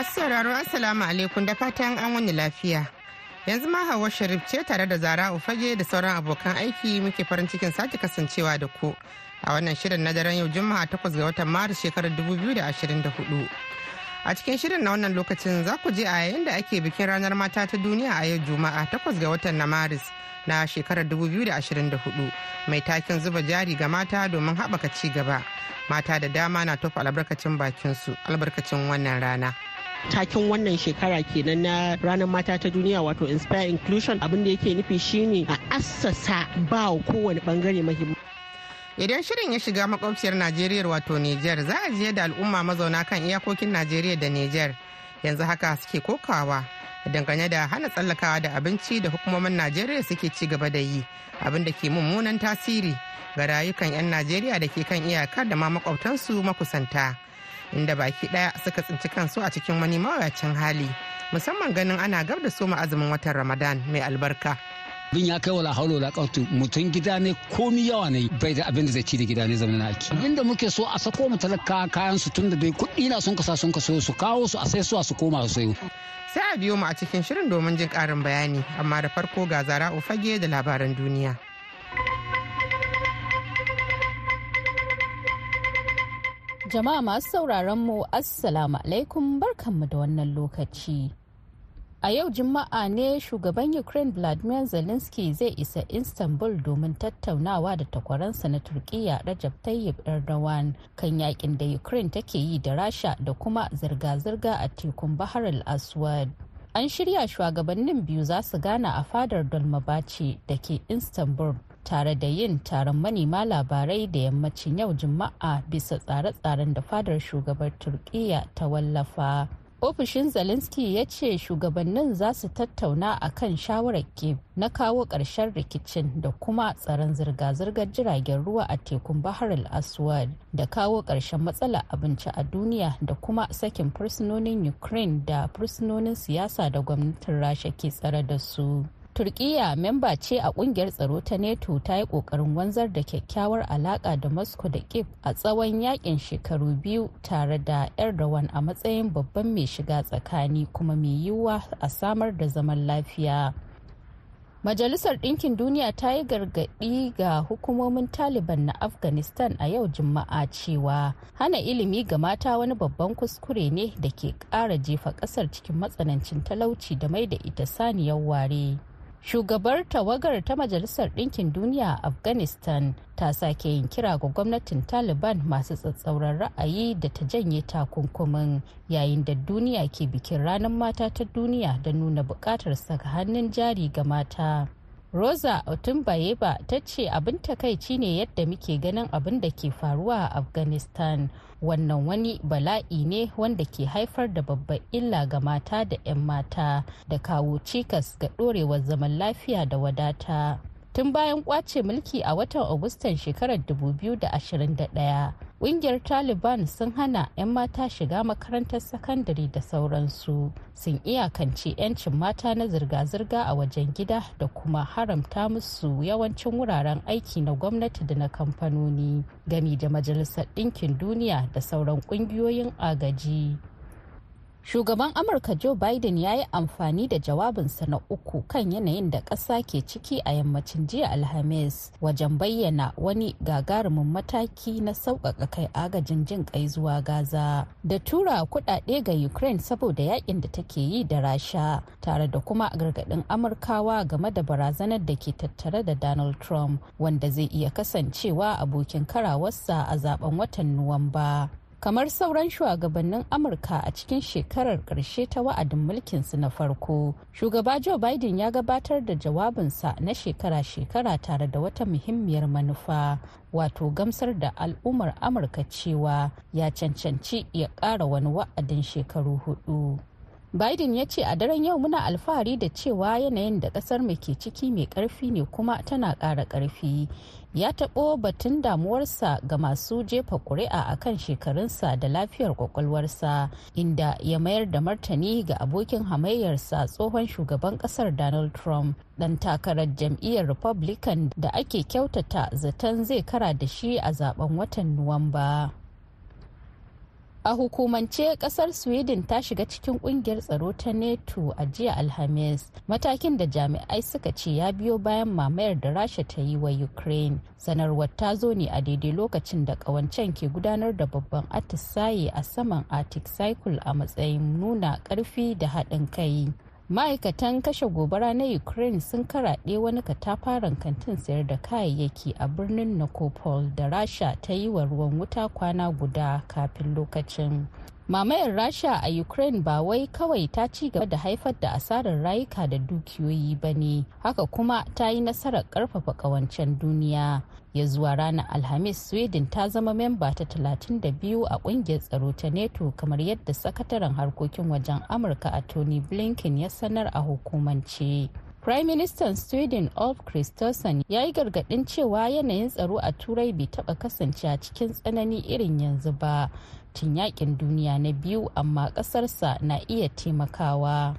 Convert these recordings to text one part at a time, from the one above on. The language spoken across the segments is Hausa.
Masu sauraro Assalamu alaikum da fatan an wani lafiya. Yanzu ma hawa Sharif ce tare da Zara Ufage da sauran abokan aiki muke farin cikin sake kasancewa da ku a wannan shirin na daren yau Juma'a takwas ga watan Maris shekarar 2024. A cikin shirin na wannan lokacin za ku je a yayin da ake bikin ranar mata ta duniya a yau Juma'a takwas ga watan na Maris na shekarar 2024 mai takin zuba jari ga mata domin haɓaka ci gaba. Mata da dama na tofa albarkacin bakinsu albarkacin wannan rana. takin wannan shekara kenan na ranar mata ta duniya wato inspire inclusion abin da yake nufi shine a assasa ba kowane bangare mahimman. idan shirin ya shiga makwabciyar najeriya wato niger za a je da al'umma mazauna kan iyakokin najeriya da niger yanzu haka suke kokawa dangane da hana tsallakawa da abinci da hukumomin najeriya suke ci gaba da yi abin da ke mummunan tasiri ga rayukan 'yan najeriya da ke kan iyakar da ma makwabtansu makusanta inda baki daya suka tsinci kansu a cikin wani mawuyacin hali musamman ganin ana gab da soma azumin watan ramadan mai albarka bin ya kai wala haulo wala kautu mutum gida ne komi yawa ne bai da abin da zai ci da gida ne zama na aiki abin muke so a sako mu talaka kayan su tun da dai kuɗi na sun kasa sun kaso su kawo su a sai su a su koma su sayo sai a biyo mu a cikin shirin domin jin ƙarin bayani amma da farko ga zara ufage da labaran duniya Jama'a masu sauraron mu Assalamu alaikum barkanmu da wannan lokaci. A yau Juma'a ne shugaban Ukraine Vladimir Zelensky zai isa Istanbul domin tattaunawa da takwaransa na Turkiyya Rajab Tayyip Erdogan kan yakin da Ukraine take yi da Rasha da kuma zirga-zirga a tekun Bahar al-Aswad. An shirya shugabannin biyu za su gana a fadar Dolmabaci da ke Istanbul tare da yin taron manema labarai da yammacin yau juma'a bisa tsare-tsaren da fadar shugabar turkiya ta wallafa ofishin zelensky ya ce shugabannin za su tattauna a kan shawarar ke na kawo ƙarshen rikicin da kuma tsaron zirga-zirgar jiragen ruwa a tekun bahar al-aswad da kawo ƙarshen matsalar abinci a duniya da kuma sakin fursunonin ukraine da fursunonin siyasa da gwamnatin rasha ke tsare da su turkiya memba ce a kungiyar tsaro ta neto ta yi kokarin wanzar da kyakkyawar alaka da moscow da kiev a tsawon yakin shekaru biyu tare da erdogan a matsayin babban mai shiga tsakani kuma mai yiwuwa a samar da zaman lafiya Majalisar Ɗinkin Duniya ta yi gargaɗi ga hukumomin Taliban na Afghanistan a yau Juma'a cewa hana ilimi ga mata wani babban kuskure ne da ke ƙara jefa ƙasar cikin matsanancin talauci da mai da ita saniyar ware. shugabar tawagar ta majalisar ɗinkin duniya a afghanistan ta sake yin kira ga gwamnatin taliban masu tsatsauran ra'ayi da ta janye takunkumin yayin da duniya ke bikin ranar mata ta duniya da nuna bukatar saka hannun jari ga mata rosa otumbayeba ta ce abin takaici ne yadda muke ganin abin da ke faruwa a afghanistan wannan wani bala'i ne wanda ke haifar da babban illa ga mata da 'yan mata da kawo cikas ga ɗorewar zaman lafiya da wadata tun bayan kwace mulki a watan agustan shekarar 2021 Ƙungiyar Taliban sun hana 'yan mata shiga makarantar sakandare da sauransu sun iyakance 'yancin mata na zirga-zirga a wajen gida da kuma haramta musu yawancin wuraren aiki na gwamnati da na kamfanoni gami da Majalisar Ɗinkin Duniya da sauran ƙungiyoyin agaji. Shugaban Amurka Joe Biden ya yi amfani da jawabinsa na uku kan yanayin da ƙasa ke ciki a yammacin jiya Alhamis wajen bayyana wani gagarumin mataki na sauƙaƙa kai agajin jin ƙai zuwa Gaza da tura kuɗaɗe ga Ukraine saboda yakin da take yi da Rasha tare da kuma gargaɗin Amurkawa game da barazanar da ke tattare da Donald Trump wanda zai iya kasancewa abokin karawarsa a zaben watan Nuwamba. kamar sauran shugabannin amurka a cikin shekarar karshe ta wa'adin mulkinsu na farko shugaba joe biden ya gabatar da jawabinsa na shekara-shekara tare da wata muhimmiyar manufa wato gamsar da al'ummar amurka cewa ya cancanci ya ƙara wani wa'adin shekaru hudu Biden ya ce a daren yau muna alfahari da cewa yanayin da kasar mai ke ciki mai karfi ne kuma tana kara karfi. Ya taɓo batun damuwarsa ga masu jefa ƙuri'a a kan shekarunsa da lafiyar kwakwalwarsa inda ya mayar da martani ga abokin hamayyarsa tsohon shugaban kasar Donald Trump, dan takarar jam'iyyar Republican da ake kyautata zaton zai kara da shi a zaben watan Nuwamba. A hukumance kasar Sweden ta shiga cikin kungiyar tsaro ta NATO a jiya Alhamis, matakin da jami'ai suka ce ya biyo bayan mamayar da Rasha ta yi wa Ukraine. Sanarwar ta zo ne a daidai lokacin da kawancen ke gudanar da babban atisaye a saman Arctic Circle a matsayin nuna karfi da haɗin kai. ma'aikatan kashe gobara na ukraine sun karaɗe wani katafaren kantin sayar da kayayyaki a birnin nikopol da rasha ta yi wa ruwan wuta kwana guda kafin lokacin mamayar rasha a ukraine ba wai kawai ta ci gaba da haifar da asarar rayuka da dukiyoyi ba ne haka kuma ta yi nasarar karfafa kawancen duniya ya zuwa ranar alhamis sweden ta zama memba ta 32 a kungiyar tsaro ta neto kamar yadda sakataren harkokin wajen amurka a tony blinken ya sanar a hukumance prime minister sweden ulf christensen ya yi gargadin cewa yanayin tsaro a turai bai taba kasance a cikin tsanani irin yanzu ba tun yakin duniya na biyu amma kasarsa na iya taimakawa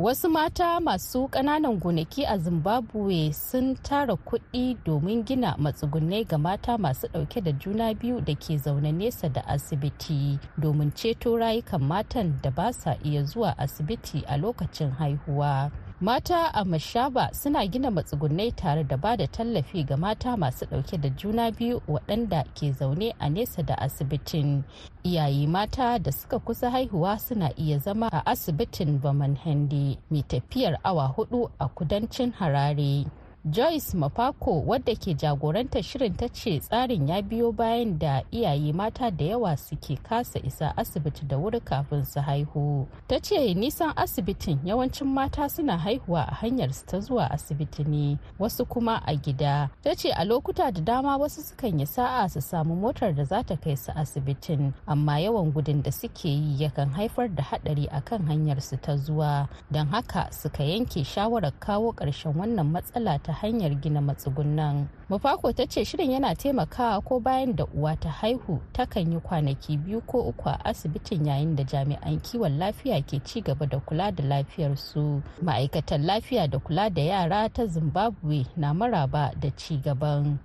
wasu mata masu ƙananan gonaki a zimbabwe sun tara kuɗi domin gina matsugunai ga mata masu ɗauke da juna biyu da ke zaune nesa da asibiti domin ceto rayukan matan da ba sa iya zuwa asibiti a lokacin haihuwa mata a mashaba suna gina matsugunai tare da ba da tallafi ga mata masu dauke da juna biyu waɗanda ke zaune a nesa da asibitin iyaye mata da suka kusa haihuwa suna iya zama a asibitin bamanhende mai tafiyar awa hudu a kudancin harare joyce mafako wadda ke jagorantar shirin ta ce tsarin ya biyo bayan da iyaye mata da yawa suke kasa isa asibiti da wuri kafin su haihu ta ce nisan asibitin yawancin mata suna haihuwa a hanyar su ta zuwa asibiti ne wasu kuma a gida ta ce a lokuta da dama wasu sukan yi sa'a su samu motar da za ta kai su asibitin amma yawan gudun da suke yi yakan haifar da haɗari akan hanyar su ta zuwa don haka suka yanke shawarar kawo ƙarshen wannan matsala ta ta hanyar gina matsugunan. Mufako ta ce shirin yana taimakawa ko bayan da uwa ta haihu takan yi kwanaki biyu ko uku a asibitin yayin da jami'an kiwon lafiya ke ci gaba da kula da lafiyarsu. Ma'aikatan lafiya da kula da yara ta Zimbabwe na maraba da ci gaban.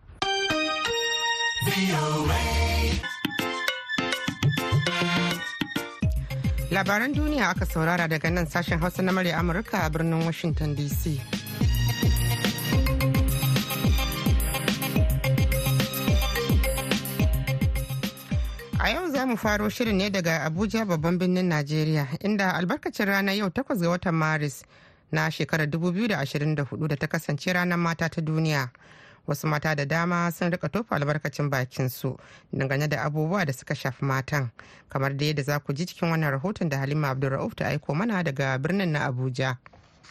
Labaran duniya aka saurara daga nan sashen Hausa na murya Amurka a birnin Washington DC. A yau za mu faro shirin ne daga Abuja babban birnin Najeriya inda albarkacin rana yau takwas ga watan Maris na shekarar 2024 da ta kasance ranar mata ta duniya. Wasu mata da dama sun rika tofa albarkacin bakin su dangane da abubuwa da suka shafi matan kamar da yadda za ku ji cikin wannan rahoton da Halima Abdulra'uf ta aiko mana daga birnin na Abuja.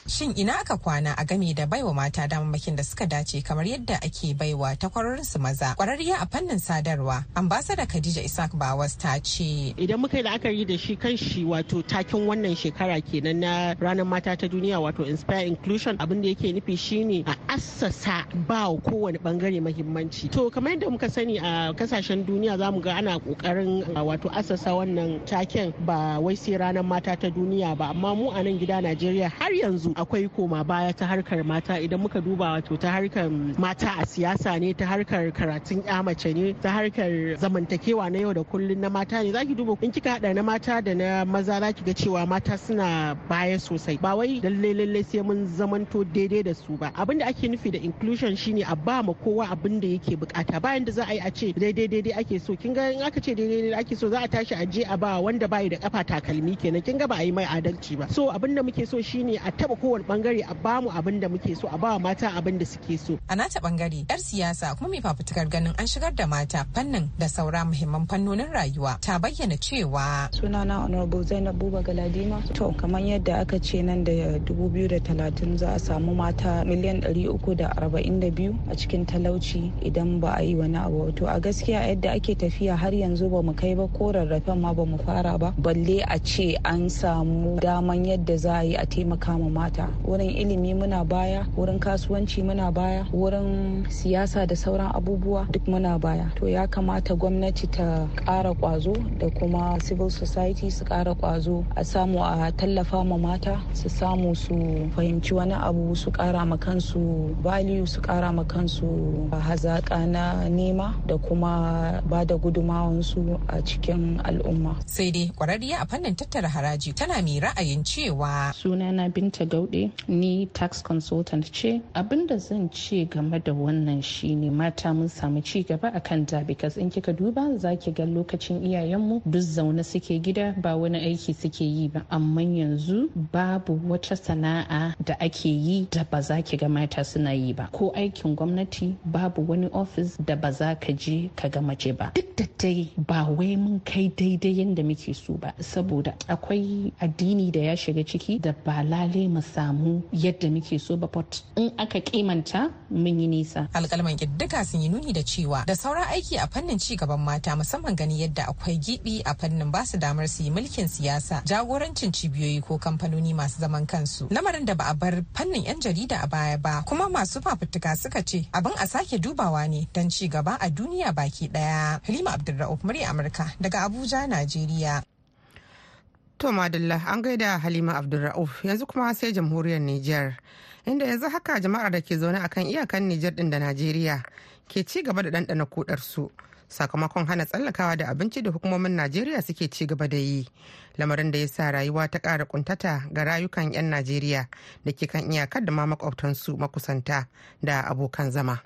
Shin ina aka kwana a game da baiwa mata damammakin da suka dace kamar yadda ake baiwa ta kwararinsu maza. Kwararriya a fannin sadarwa, ambasada Khadija Isaac Bawas ta ce. Idan muka yi la'akari da shi kan shi wato takin wannan shekara kenan na ranar mata ta duniya wato Inspire Inclusion abin da yake nufi shine a assasa ba kowane bangare mahimmanci. To kamar yadda muka sani a kasashen duniya za mu ga ana kokarin wato assasa wannan taken ba wai sai ranar mata ta duniya ba amma mu a nan gida Najeriya har yanzu yanzu akwai koma baya ta harkar mata idan muka duba wato ta harkar mata a siyasa ne ta harkar karatun ya mace ne ta harkar zamantakewa na yau da kullun na mata ne zaki duba in kika hada na mata da na maza zaki ga cewa mata suna baya sosai ba wai lalle lalle sai mun zamanto daidai da su ba abin da ake nufi da inclusion shine a ba ma kowa abin da yake bukata bayan da za a yi a ce daidai daidai ake so kin ga in aka ce daidai daidai ake so za a tashi a je a ba wanda bai da kafa takalmi kenan kin ga ba a yi mai adalci ba so abin da muke so shine a taba taɓa kowane bangare a bamu abin da muke so a bawa mata abin da suke so. A nata bangare yar siyasa kuma mai fafutukar ganin an shigar da mata fannin da saura muhimman fannonin rayuwa ta bayyana cewa. Sunana Honorable Zainab Buba Galadima. To kamar yadda aka ce nan da dubu za a samu mata miliyan ɗari uku da arba'in da biyu a cikin talauci idan ba a yi wani abu. To a gaskiya yadda ake tafiya har yanzu ba mu kai ba ko rarrafen ma ba mu fara ba. Balle a ce an samu daman yadda za a yi a taimaka ma kamata wurin ilimi muna baya wurin kasuwanci muna baya wurin siyasa da sauran abubuwa duk muna baya to ya kamata gwamnati ta ƙara ƙwazo da kuma civil society su ƙara ƙwazo a samu a tallafa ma mata su samu su fahimci wani abu su kara ma kansu value su kara ma kansu hazaƙa na nema da kuma ba da gudumawansu a cikin al'umma sai dai kwararriya a fannin tattara haraji tana mai ra'ayin cewa sunana binta binta ni tax consultant ce abin da zan ce game da wannan shine mata mun samu ci gaba a kan because in kika duba za ki ga lokacin iyayenmu duk zaune suke gida ba wani aiki suke yi ba amma yanzu babu wata sana'a da ake yi da ba za ki ga mata suna yi ba ko aikin gwamnati babu wani ofis da ba za ka je ka ga mace ba duk da dai ba wai mun kai daidai yadda muke so ba saboda akwai addini da ya shiga ciki da ba lale mu samu yadda muke so ba in aka kimanta mun yi nisa. Alkalman ƙiddika sun yi nuni da cewa da sauran aiki a fannin ci gaban mata musamman gani yadda akwai gibi a fannin ba su damar su yi mulkin siyasa jagorancin cibiyoyi ko kamfanoni masu zaman kansu. Lamarin da ba a bar fannin 'yan jarida a baya ba kuma masu fafutuka suka ce abin a sake dubawa ne don ci gaba a duniya baki ɗaya. Halima Abdulra'uf murya Amurka daga Abuja, Najeriya. To Madalla an gaida Halima Abdulra'uf yanzu kuma sai jamhuriyar Nijar inda yanzu haka jama'ar da ke zaune akan iyakan Nijar din da Najeriya ke ci gaba da ɗanɗana kudar su sakamakon hana tsallakawa da abinci da hukumomin Najeriya suke ci gaba da yi lamarin da ya sa rayuwa ta ƙara kuntata ga rayukan 'yan Najeriya da ke kan iyakar da ma makwabtansu makusanta da abokan zama.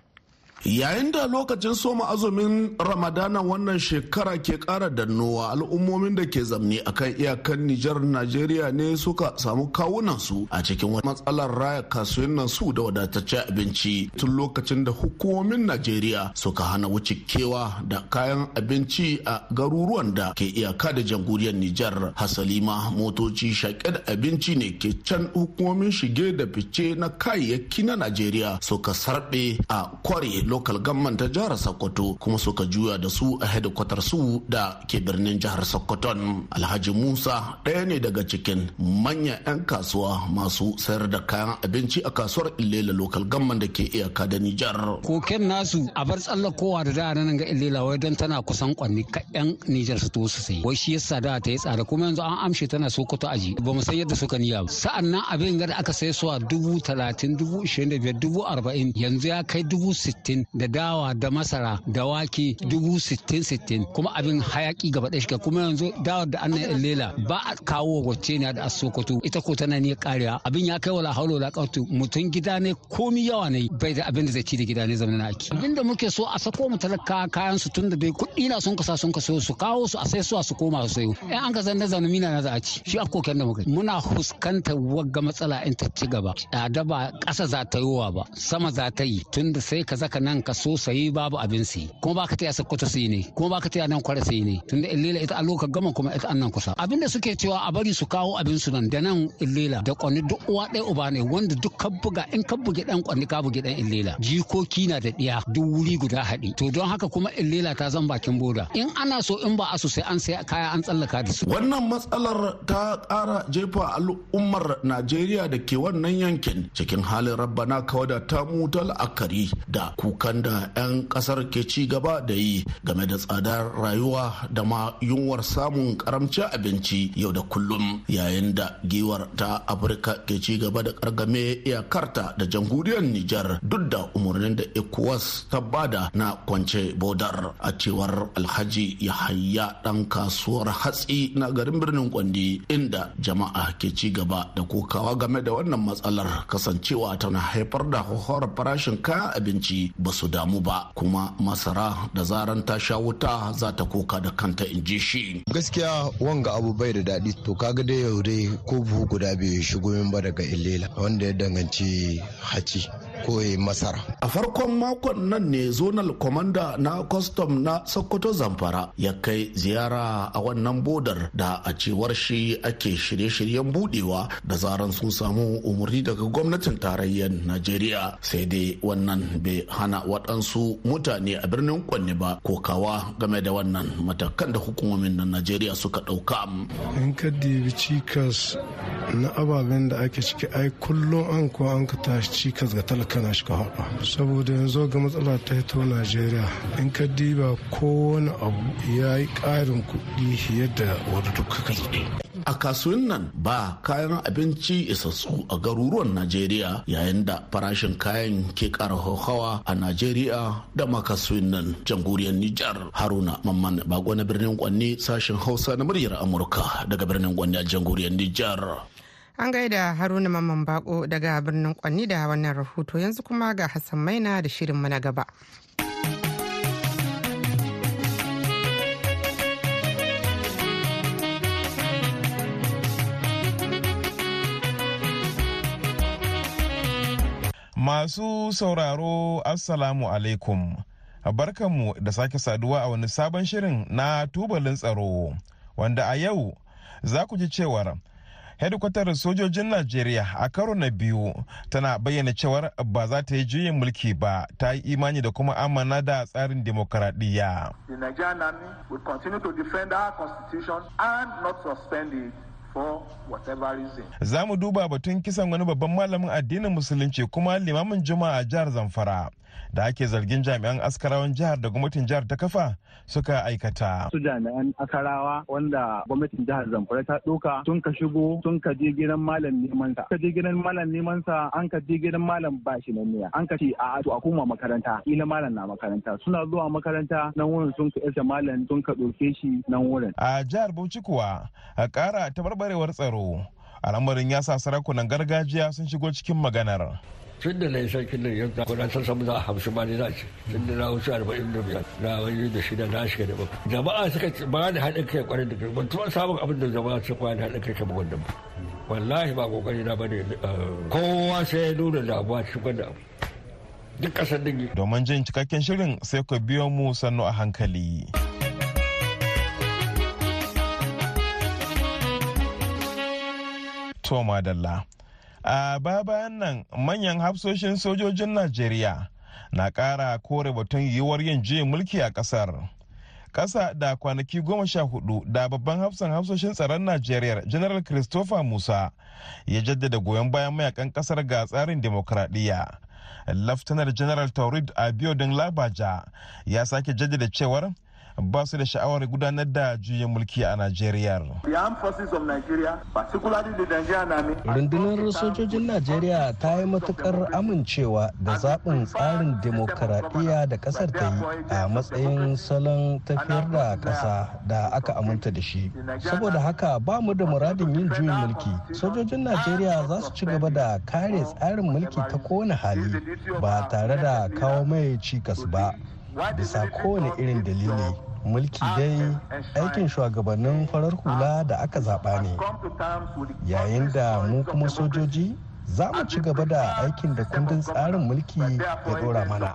Yayin da lokacin soma azumin Ramadana wannan shekara ke kara dannowa al'ummomin da ke zamne a kan iyakan Nijar Najeriya ne suka samu kawunansu a cikin wani matsalar raya kasuwannin su da wadataccen abinci tun lokacin da hukumomin Najeriya suka hana wuce kewa da kayan abinci a garuruwan da ke iyaka da jamhuriyar Nijar. Hasalima motoci shaƙe da abinci ne ke can hukumomin shige da fice na kayayyaki na Najeriya suka sarɓe a kware Lokal government ta jihar sokoto kuma suka juya da su a hedikwatar su da ke birnin jihar sokoton alhaji musa ɗaya ne daga cikin manyan 'yan kasuwa masu sayar da kayan abinci a kasuwar illela lokal government da ke iyaka da nijar koken nasu a bar kowa da da nan ga illela wai don tana kusan kwanni ka 'yan nijar su tosu sai wai shi yasa da ta yi tsada kuma yanzu an amshe tana sokoto aji ba mu san yadda suka niya ba sa'an nan abin ga da aka sai suwa dubu talatin dubu ishirin da biyar dubu arba'in yanzu ya kai dubu sittin sittin da dawa da masara da wake dubu sittin sittin kuma abin hayaki gaba ɗaya shiga kuma yanzu dawa da annan lela ba a kawo wacce ne da asokoto ita ko tana ne karewa abin ya kai wala haulo wala kautu mutum gida ne komi yawa ne bai da abin da zai ci da gida ne na aki abin da muke so a sako mu talaka kayan su tun da dai kuɗi na sun kasa sun kaso su kawo su a sai su a su koma su sayo ɗan an ka zanne zanne mina na za a ci shi a koken da muka muna fuskantar wagga matsala in ta ci gaba da ba ƙasa za ta ba sama za ta yi tun da sai ka zaka nan ka so sayi babu abin sayi kuma baka taya sakkwato sayi ne kuma baka taya nan kwara sayi ne tunda illila ita aloka gama kuma ita annan kusa abin da suke cewa a bari su kawo abin su nan da nan illila da kwani duk uwa ɗaya uba ne wanda duk ka buga in ka buge dan kwani ka buge dan illila jikoki na da ɗiya duk wuri guda haɗi to don haka kuma illila ta zan bakin boda in ana so in ba a so sai an sai kaya an tsallaka da su wannan matsalar ta ƙara jefa al'ummar Najeriya da ke wannan yankin cikin halin rabbana kawada ta mutal akari da ku Kanda da 'yan kasar ke ci gaba da yi game da tsadar rayuwa da ma yunwar samun karamcin abinci yau da kullum yayin da giwar ta afirka ke ci gaba da kargame iyakarta da jamhuriyar nijar duk da umarnin da ecowas ta bada na kwance bodar a cewar alhaji yahaya dan kasuwar hatsi na garin birnin kwandi inda jama'a ke ci gaba da kokawa game da wannan matsalar kasancewa tana haifar da horar farashin kayan abinci ba su damu ba kuma masara da zaran ta sha wuta za ta koka da kanta in ji shi gaskiya wanga abu bai da daɗi to kaga dai yau dai ko buhu guda biyu shigo min ba daga illela wanda ya danganci haci koyi masara. A farkon makon nan ne zonal kwamanda na kwastam na Sokoto Zamfara ya kai ziyara a wannan bodar da a cewar shi ake shirye-shiryen budewa da zaran sun samu umarni daga gwamnatin tarayyar Najeriya sai dai wannan bai hana waɗansu mutane a birnin Kwanne ba kokawa game da wannan matakan da hukumomin na Najeriya suka ɗauka. In ka na ababen da ake ciki ai kullum an ko an ka tashi cikas ga talaka na ka haɗa saboda yanzu ga matsala ta hito najeriya in ka diba kowane abu ya yi ƙarin kuɗi yadda wani duka ka a kasuwan nan ba kayan abinci isassu a garuruwan najeriya yayin da farashin kayan ke ƙara hauhawa a najeriya da ma kasuwan nan jamhuriyar nijar haruna mamman bako na birnin kwanne sashen hausa na muryar amurka daga birnin kwanne a jamhuriyar nijar An gaida Haruna Mamman Bako daga birnin Kwanni da wannan rahoto yanzu kuma ga Hassan Maina da shirinmu na gaba. Masu sauraro Assalamu alaikum. Barkanmu da sake saduwa a wani sabon shirin na tubalin tsaro wanda a yau za ku ji cewar hedikwatar sojojin najeriya a karo na biyu tana bayyana cewar ba za ta yi juyin mulki ba ta yi imani da kuma amana da tsarin demokaradiyya Za mu duba batun kisan wani babban malamin addinin musulunci kuma limamin juma'a jihar Zamfara da ake zargin jami'an askarawan jihar da gwamnatin jihar ta kafa suka aikata. Su jami'an askarawa wanda gwamnatin jihar Zamfara ta ɗauka sun ka shigo sun ka je gidan malam neman sa. Ka je gidan malam neman sa an ka je gidan malam ba shi na ne. An ka ce a a koma makaranta ila malam na makaranta. Suna zuwa makaranta nan wurin sun ka isa malam sun ka ɗauke shi nan wurin. A jihar Bauchi kuwa a ƙara tabarbarewar tsaro. al'amarin ya sa sarakunan gargajiya sun shigo cikin maganar tun da na yi sarkin nan yanzu kuɗa sun samu za a hamsin ma ne za a ci tun da na wuce arba'in da biyar na wani da shida na shiga da bakwai jama'a suka ba ni haɗin kai kwarai da kai ban tuwa samun abin da jama'a suka ba ni haɗin kai kamar wannan ba wallahi ba kokari na bane eh, kowa sai ya nuna damuwa cikin da abu duk ƙasar dingi domin jin cikakken shirin sai ku biyo mu sannu a hankali Toma Dalla. a baya bayan nan manyan hafsoshin sojojin najeriya na kara kore batun yiwuwar yin juyin mulki a kasar kasa da kwanaki goma sha hudu da babban hafsan hafsoshin tsaron najeriya general christopher musa ya jaddada goyon bayan mayakan kasar ga tsarin demokradiyya laftanar general taurid abiodun labaja ya sake jaddada cewar ba su da sha'awar gudanar da juyin mulki a Najeriya. Rundunar sojojin Najeriya ta yi matukar amincewa da zaɓin tsarin demokaradiyya da ƙasar ta yi a matsayin salon tafiyar da ƙasa da aka aminta da shi. Saboda haka ba mu da muradin yin juyin mulki. Sojojin Najeriya za su ci gaba da kare tsarin mulki ta kowane hali ba tare da kawo mai cikas ba bisa kowane irin dalili. mulki dai aikin shugabannin farar hula da aka zaɓa ne yayin da mu kuma sojoji za mu ci gaba da aikin da kundin tsarin mulki ya ɗora mana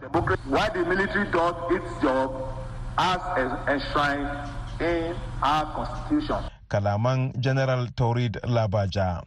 kalaman general taurid labaja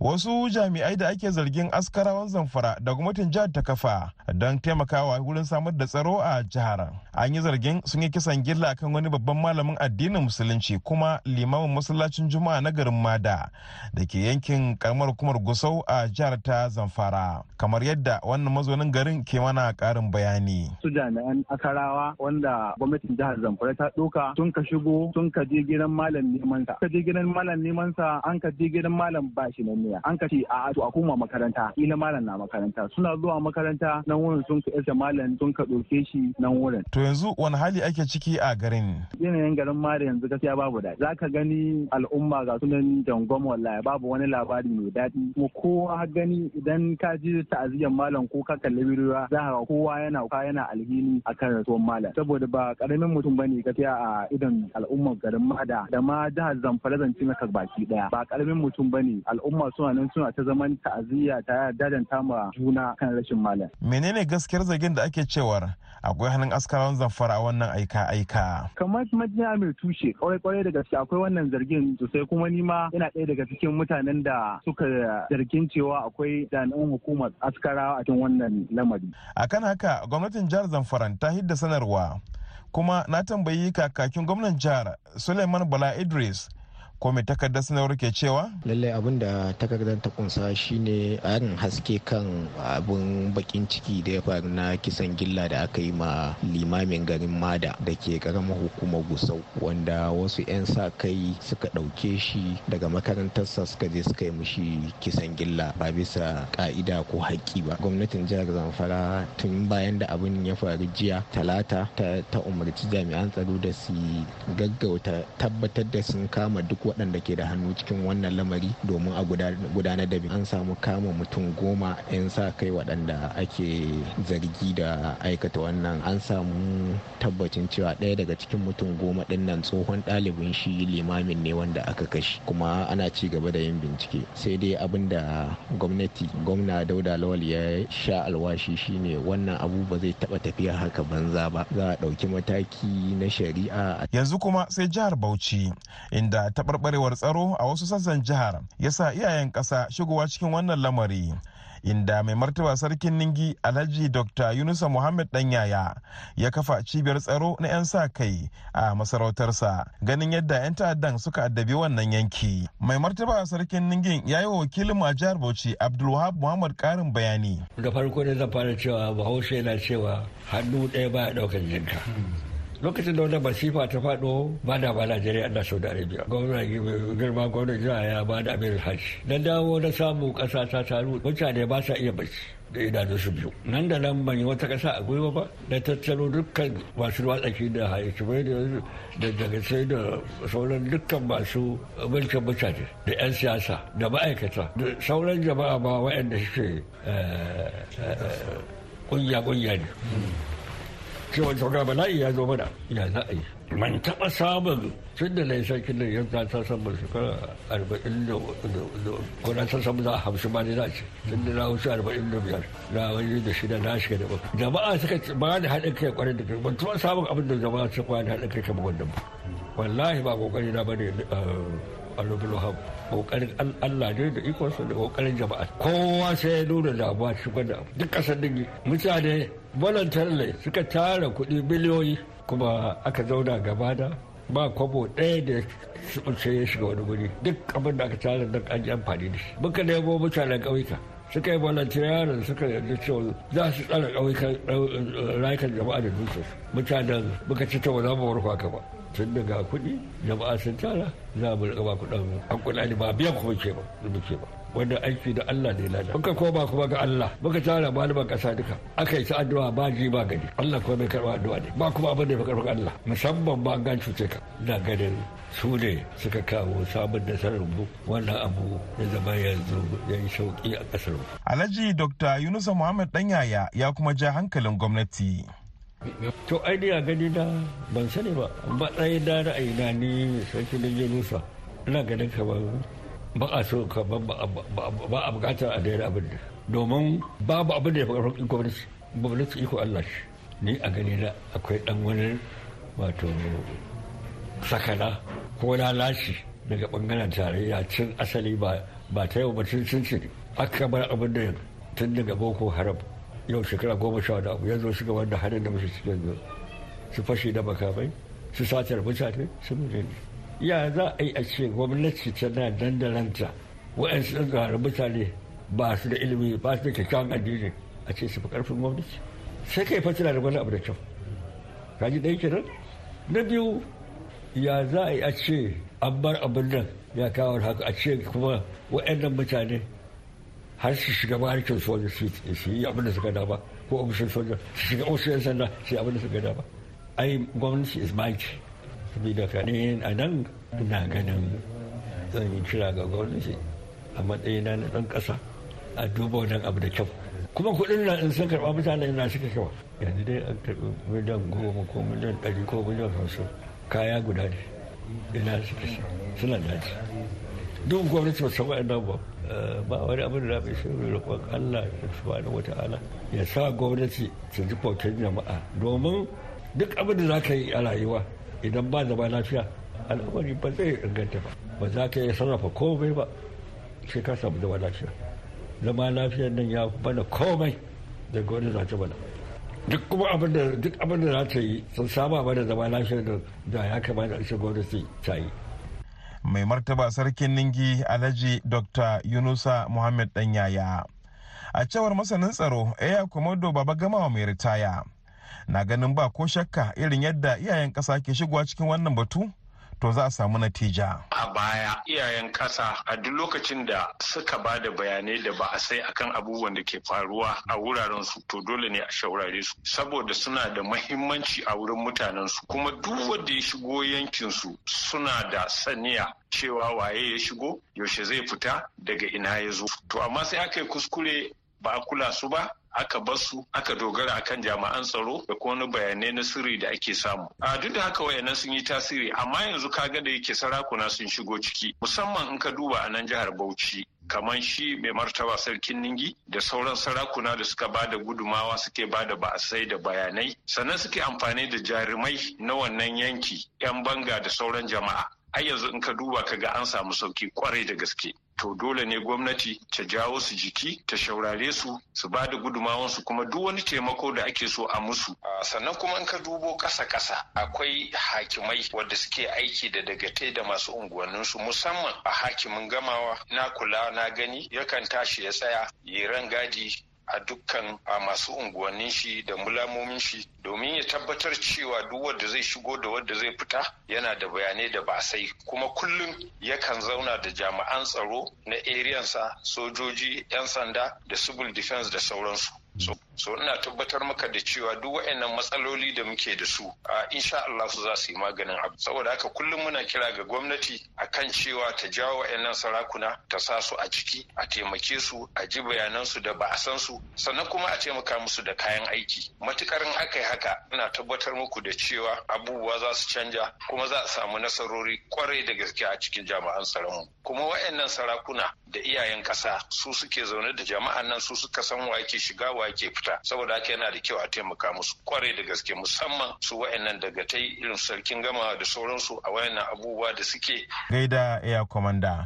wasu jami'ai da ake zargin askarawan zamfara da gwamnatin jihar ta kafa don taimakawa wurin samar da tsaro a jihar an yi zargin sun yi kisan gilla kan wani babban malamin addinin musulunci kuma limamin masallacin juma'a na garin mada da ke yankin karamar hukumar gusau a jihar ta zamfara kamar yadda wannan mazaunin garin ke mana karin bayani su jami'an askarawa wanda gwamnatin jihar zamfara ta doka sun ka shigo sun ka je gidan malam neman sa ka je gidan malam neman sa an ka je gidan malam bashi ne duniya an kace a to a koma makaranta na malam na makaranta suna zuwa makaranta nan wurin sun ka yarda malam sun ka doke shi nan wurin. to yanzu wani hali ake ciki a garin. yanayin garin mare yanzu gaskiya babu daɗi za ka gani al'umma ga sunan jangon wallahi babu wani labari mai daɗi kuma kowa gani idan ka ji ta'aziyyar malam ko ka kalli bidiyo za ka kowa yana ka yana alhini akan rasuwar malam saboda ba karamin mutum bane gaskiya a idan al'ummar garin mada da ma jihar zamfara zance maka baki daya ba karamin mutum bane al'umma suna nan suna ta zaman ta'aziyya ta dadanta ma juna kan rashin malam. Menene gaskiyar zargin da ake cewar akwai hannun askarawan zamfara a wannan aika-aika. Kamar majiya mai tushe kwarai-kwarai da gaske akwai wannan zargin sosai kuma ni ma yana ɗaya daga cikin mutanen da suka zargin cewa akwai jami'an hukumar askara a cikin wannan lamari. a kan haka gwamnatin jihar Zamfara ta hidda sanarwa kuma na tambayi kakakin gwamnan jihar Suleiman Bala Idris ko mai takardar sanarwar ke cewa lallai abin da takardar ta kunsa shine an haske kan abin bakin ciki da ya faru na kisan gilla da aka yi ma limamin garin mada da ke karamar hukumar gusau wanda wasu 'yan sa kai suka ɗauke shi daga makarantarsa suka je suka yi mushi kisan gilla ba bisa ka'ida ko haƙƙi ba gwamnatin jihar zamfara tun bayan da abin ya faru jiya talata ta umarci jami'an tsaro da su gaggauta tabbatar da sun kama duk waɗanda ke da hannu cikin wannan lamari domin a gudanar da an samu kama mutum goma 'yan sa kai waɗanda ake zargi da aikata wannan an samu tabbacin cewa ɗaya daga cikin mutum goma ɗin nan tsohon ɗalibin shi limamin ne wanda aka kashe kuma ana ci gaba da yin bincike sai dai abin da gwamnati gwamna dauda lawal ya sha alwashi shine wannan abu ba zai taɓa tafiya haka banza ba za a ɗauki mataki na shari'a yanzu kuma sai jihar bauchi inda taɓar karbarewar tsaro a wasu sassan jihar ya sa iyayen ƙasa shigowa cikin wannan lamari inda mai martaba sarkin ningi alhaji dr yunusa muhammad danyaya ya kafa cibiyar tsaro na 'yan sa kai a masarautarsa ganin yadda 'yan ta'addan suka addabi wannan yanki mai martaba sarkin ningin ya yi wakilin ma jihar bauchi abdulwahab muhammad karin bayani da farko da zan fara cewa bahaushe na cewa hannu ɗaya ba a ɗaukar jinka lokacin da wannan masifa ta faɗo ba da ba najeriya ina saudi arabia gwamna girma gwamna jira ya ba da amir hajji na dawo na samu ƙasa ta taru mutane ba sa iya bacci da su biyu nan da nan ban yi wata ƙasa a gwiwa ba Na tattalo dukkan masu watsaki da haikimai da dagasai da sauran dukkan masu mulkin mutane da 'yan siyasa da ma'aikata da sauran jama'a ba waɗanda suke kunya eh, eh, eh, kunya ne cewa ga bala'i ya zo mana ya za a yi man taɓa samun tun da lai sarkin nan yanzu na san samun shekara arba'in da ko na san samun za a hamsin ba ne na ce tun da na wuce arba'in da biyar na da shida na shiga da bakwai jama'a suka ba ni haɗin kai kwarai da kai ban taɓa samun abin da jama'a suka ba da haɗin kai kamar wannan ba wallahi ba kokari na bane a rubin kokarin Allah ne da ikonsa da kokarin jama'a kowa sai ya nuna damuwa shigar da duk kasar dingi mutane volunteer suka tara kuɗi biliyoyi kuma aka zauna gaba da ba kwabo ɗaya da sai ya shiga wani guri duk abin da aka tara nan an yi amfani da shi muka nemo mutanen ƙauyuka suka yi volunteer suka yarda cewa za su tsara ƙauyukan rayukan jama'a da dutse mutanen muka ci ta wani ba ka ba tun daga kuɗi jama'a sun tara za mu riƙa ba kuɗin hakuna ne ba biyan kuma ke ba muke ba wanda aiki da Allah ne lada muka koma kuma ga Allah muka tara malaman ƙasa duka aka yi addu'a ba ji ba gani Allah kuma bai karɓa addu'a ne ba kuma abin da ya karɓa Allah musamman ba an cuce ka na ganin su ne suka kawo sabon nasarar mu wannan abu ya zama yanzu ya yi sauki a ƙasar mu Alhaji Dr. Yunusa Muhammad Danyaya ya kuma ja hankalin gwamnati to ai da gani da ban sani ba ba tsaye da ra'ayi na ni mai sarki da jerusa ina ganin kamar ba a so ka ba a bukata a daidai abin da domin babu abin da ya fi gwamnati gwamnati iko allah shi ni a gani na akwai dan wani wato sakana ko lalaci daga bangaren tarayya cin asali ba ta yau ba cin cin aka bar abin da tun daga boko haram yau shekara goma sha da abu yanzu su gaban da hannun da musu cikin yanzu su fashe da makamai su satar mutane su mutane ya za a yi a ce gwamnati tana dandalanta wa'ansu ɗan zuwa mutane ba su da ilimi ba su da kyakkyawan addini a ce su fi ƙarfin gwamnati sai kai fatira da wani abu da kyau ka ji ɗaya kenan na biyu ya za a yi a ce an bar abin nan ya kawo haka a ce kuma wa'annan mutane har su shiga barikin soja su yi abin da suka da ba ko ofishin soja su shiga ofishin yan sanda su yi abin da suka da ba ai gwamnati is mighty saboda ka ne a nan ina ganin zan yi kira ga gwamnati a matsayina na ɗan ƙasa a duba wannan abu da kyau kuma kuɗin na in sun karɓa mutane na suka kyau yanzu dai an karɓi miliyan goma ko miliyan ɗari ko miliyan hamsin kaya guda ne ina suka suna daji duk gwamnati ba san wa'annan ba eh, ba wani abin da bai shi roƙon Allah wata wata'ala ya sa gwamnati ta ji kokin jama'a domin duk abin da ka yi a rayuwa idan ba zama lafiya al'amari ba zai inganta ba ba za ka yi sarrafa komai ba sai ka samu zama lafiya zama lafiya nan ya bana komai gwamnati za ta bana duk kuma abin da duk abin da za ta yi sun saba mana zama lafiya da ya kamata a ce gwamnati ta yi mai martaba sarkin ningi alhaji dr yunusa muhammad yaya a cewar masanin tsaro eya komodo baba gamawa mai ritaya na ganin ba ko shakka irin yadda iyayen ƙasa ke shigowa cikin wannan batu to za a samu natija. A baya iyayen kasa a duk lokacin da suka ba da bayanai da ba a sai akan abubuwan da ke faruwa a wuraren su to dole ne a shaurare su saboda suna da mahimmanci a wurin mutanen su kuma duk wanda ya shigo yankin su suna da saniya cewa waye ya shigo yaushe zai fita daga ina ya zo to amma sai aka yi kuskure ba a kula su ba aka basu aka dogara akan jami'an tsaro da kuma bayanai na sirri da ake samu a duk da haka wayannan sun yi tasiri amma yanzu kaga da yake sarakuna sun shigo ciki musamman in ka duba a nan jihar Bauchi kamar shi mai martaba sarkin ningi da sauran sarakuna da suka ba da gudumawa suke bada ba'asai da bayanai sannan suke amfani da jarumai na wannan yanki 'yan banga da sauran jama'a ai yanzu in ka duba ka ga an samu sauki kwarai da gaske to dole ne gwamnati ta jawo su jiki ta shaurare su su ba da gudumawansu kuma duk wani taimako da ake so a musu. sannan kuma in ka dubo ƙasa-ƙasa akwai hakimai wadda suke aiki da dagate da masu unguwanninsu musamman a hakimin gamawa na kula na gani yakan tashi ya tsaya yi rangadi a dukkan a masu unguwannin shi da mulamomin shi domin ya tabbatar cewa duk wanda zai shigo da wanda zai fita yana da bayanai da ba sai kuma kullum yakan zauna da jami'an tsaro na eriyansa sojoji 'yan sanda da civil defense da sauransu so ina tabbatar maka da cewa duk waɗannan matsaloli da muke da su a insha Allah su za su yi maganin abu saboda haka kullum muna kira ga gwamnati a kan cewa ta jawo waɗannan sarakuna ta sa su a ciki a taimake su a ji bayanan su da ba a san su sannan kuma a taimaka musu da kayan aiki matukar in aka haka ina tabbatar muku da cewa abubuwa za su canja kuma za a samu nasarori kwarai da gaske a cikin jami'an tsaron kuma waɗannan sarakuna da iyayen ƙasa su suke zaune da jama'an nan su suka san wa yake shiga wa ake fita saboda haka yana da kyau a taimaka musu kwarai da gaske musamman su wa'annan daga ta irin sarkin gama da sauransu a wayannan abubuwa da suke gaida air commander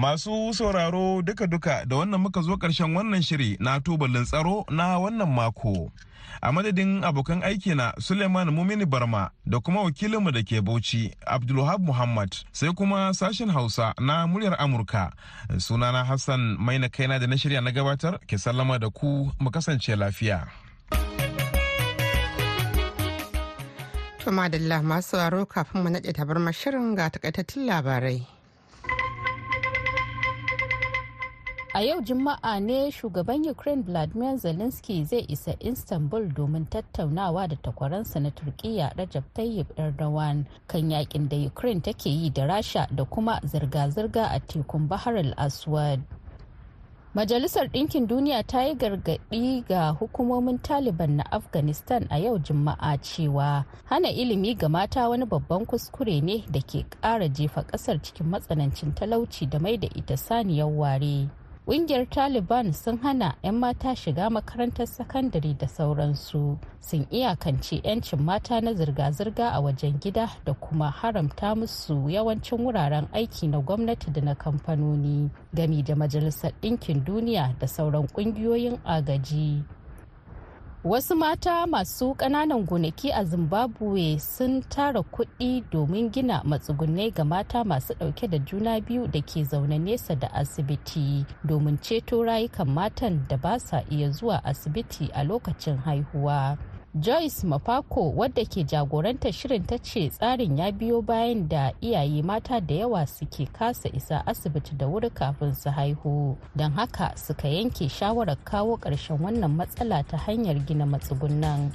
Masu sauraro duka-duka da wannan muka zo ƙarshen wannan shiri na tubalin tsaro na wannan mako. A madadin abokan aiki na Suleiman Mumini Barma da kuma wakilinmu da ke Bauchi Abdulhab Muhammad sai kuma sashen Hausa na muryar Amurka. Sunana Hassan maina kaina da na shirya na gabatar ke sallama da ku mu kasance lafiya. Tuma da masu sauraro kafin mu naɗe tabarmar shirin ga takaitattun labarai. A yau Juma'a ne shugaban Ukraine Vladimir Zelensky zai isa Istanbul domin tattaunawa da takwaransa na Turkiyya Rajab Tayyip Erdogan kan yakin da Ukraine take yi da Rasha da kuma zirga-zirga a tekun Bahar al-Aswad. Majalisar Ɗinkin Duniya ta yi gargaɗi ga hukumomin Taliban na Afghanistan a yau Juma'a cewa hana ilimi ga mata wani babban kuskure ne da ke ƙara jefa ƙasar cikin matsanancin talauci da mai da ita saniyar ware. ƙungiyar taliban sun hana 'yan mata shiga makarantar sakandare da sauransu sun iyakance 'yancin mata na zirga-zirga a wajen gida da kuma haramta musu yawancin wuraren aiki na gwamnati da na kamfanoni gami da majalisar ɗinkin duniya da sauran ƙungiyoyin agaji Wasu mata masu ƙananan gonaki a Zimbabwe sun tara kuɗi domin gina matsugunai ga mata masu ɗauke da juna biyu da ke zaune nesa da asibiti domin ceto rayukan matan da ba sa iya zuwa asibiti a lokacin haihuwa. joyce mafako wadda ke jagorantar shirin ta ce tsarin ya biyo bayan da iyaye mata da yawa suke kasa isa asibiti da wuri kafin su haihu don haka suka yanke shawarar kawo ƙarshen wannan matsala ta hanyar gina matsugunan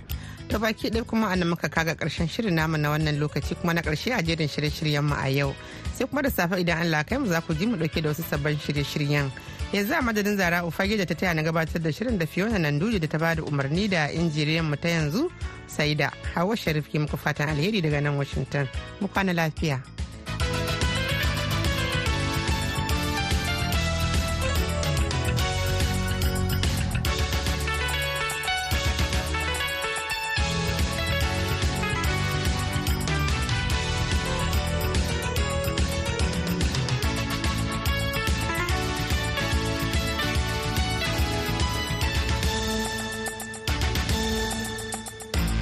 ta baki ɗaya kuma a muka kaga ƙarshen shirin namu na wannan lokaci kuma na ƙarshe a jerin shirye-shiryen mu a yau sai kuma da safe idan allah kai mu za ku ji mu ɗauke da wasu sabbin shirye-shiryen yanzu a madadin zara ufage da ta taya na gabatar da shirin da fiona nanduji da ta bada umarni da injiniyan mu ta yanzu sai da hawa sharif ke muku fatan alheri daga nan washington mu kwana lafiya